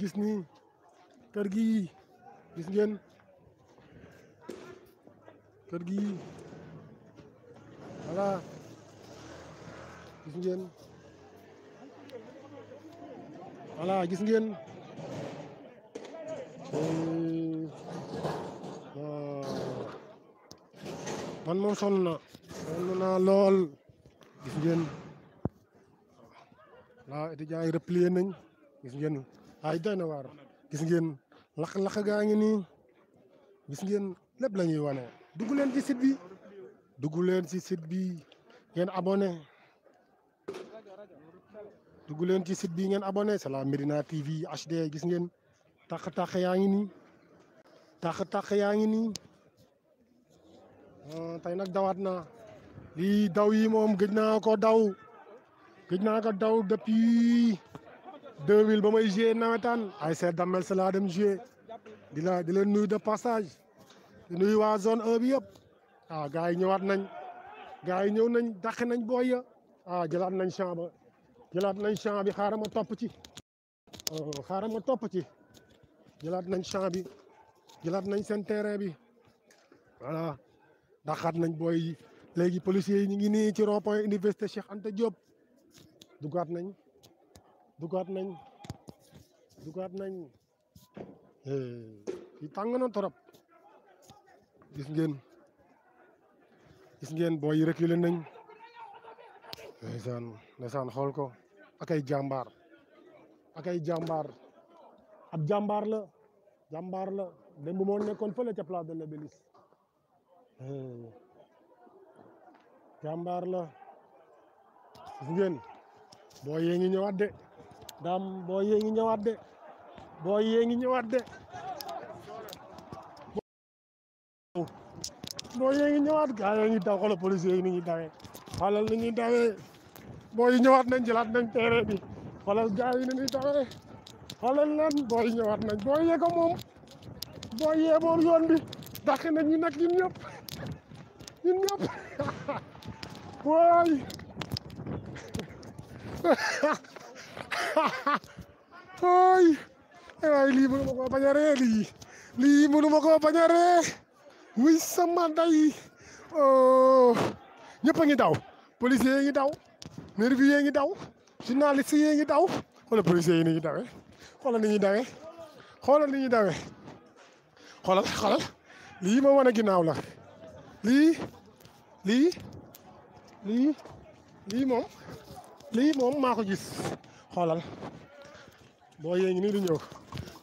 gis ni kër gi gis ngeen kër gi voilà gis ngeen voilà gis ngeen euh, man moom sonn na lool gis ngeen la étudiants yi replié nañ gis ngeen ay doy na waar gis ngeen lakk-lakk gaa ngi nii gis ngeen lépp la ñuy wane. dugg leen ci site bi dugg leen ci bi ngeen abonné dugg leen ci site bi ngeen abonné c'est la Médina TV HD gis ngeen tàq-tàq yaa ngi nii tàq-tàq yaa ngi nii ah, tey nag dawaat naa lii daw yi moom gëj naa ko daw gëj naa ko daw depuis. 2000 ba may joué nawetaan ay seet dammel sa laa dem joué di la di leen nuyu de passage di nuyu waa zone 1 yëpp ah gars yi ñëwaat nañ gars yi ñëw nañ dàq nañ booy ya ah jëlaat nañ champ ba jëlaat nañ champ bi xaaral ma topp ci oh, xaaral ma topp ci jëlaat nañ champ bi jëlaat nañ seen terrain bi voilà dàqaat nañ booy yi léegi policiers yi ñu ngi nii ci rond point université Cheikh Anta Diop duggaat nañ. dugaat nañ dugaat nañ fii eh, na torop gis ngeen gis ngeen booy yi reculé nañ ndeysaan ndeysaan xool ko ak ay jàmbaar ak ay jàmbaar ab jàmbaar la jàmbaar la démb moo nekkoon fële ca place eh, la gis ngeen booy yee ngi ñëwaat de daam boo yee ngi ñëwaat de boo ngi ñëwaat de boo ngi ñëwaat gaa yi ngi daw xoolal policier yi ni ñuy dawee xoolal ni ñuy dawee boo yi ñëwaat nañ jëlaat nañ teere bi xoolal gaa yi ni ñuy dawee xoolal leen boo yi ñëwaat nañ yoon bi dàq nañ ñu nag ñun ñëpp ñun waay ay lii mënu ma koo bañ a ree lii lii mënu ma koo bañ a ree wuy sama nday oh, ñëpp a ngi daw policier yi ngi daw nervis yi ngi daw journaliste yi ngi daw wala policier yi ni ngi dawe xoolal ni ñuy dawe xoolal ni ñuy dawe xoolal xoolal lii ma wane ginnaaw la lii lii lii lii moom lii moom maa gis xoolal boo yee ngi nii di ñëw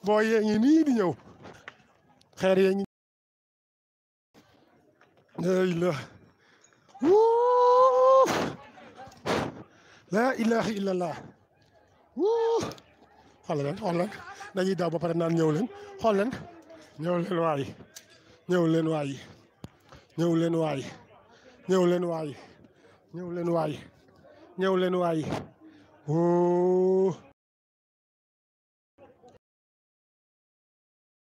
boo yee ngi nii di ñëw xeer yee ngi la laa ilaha illallah xool leen xool leen dañuy daw ba pare naan ñëw leen xool leen ñëw leen waayi ñëw leen waay ñëw leen waayi ñëw leen waayi ñëw leen waayi ñëw leen waayi Oh.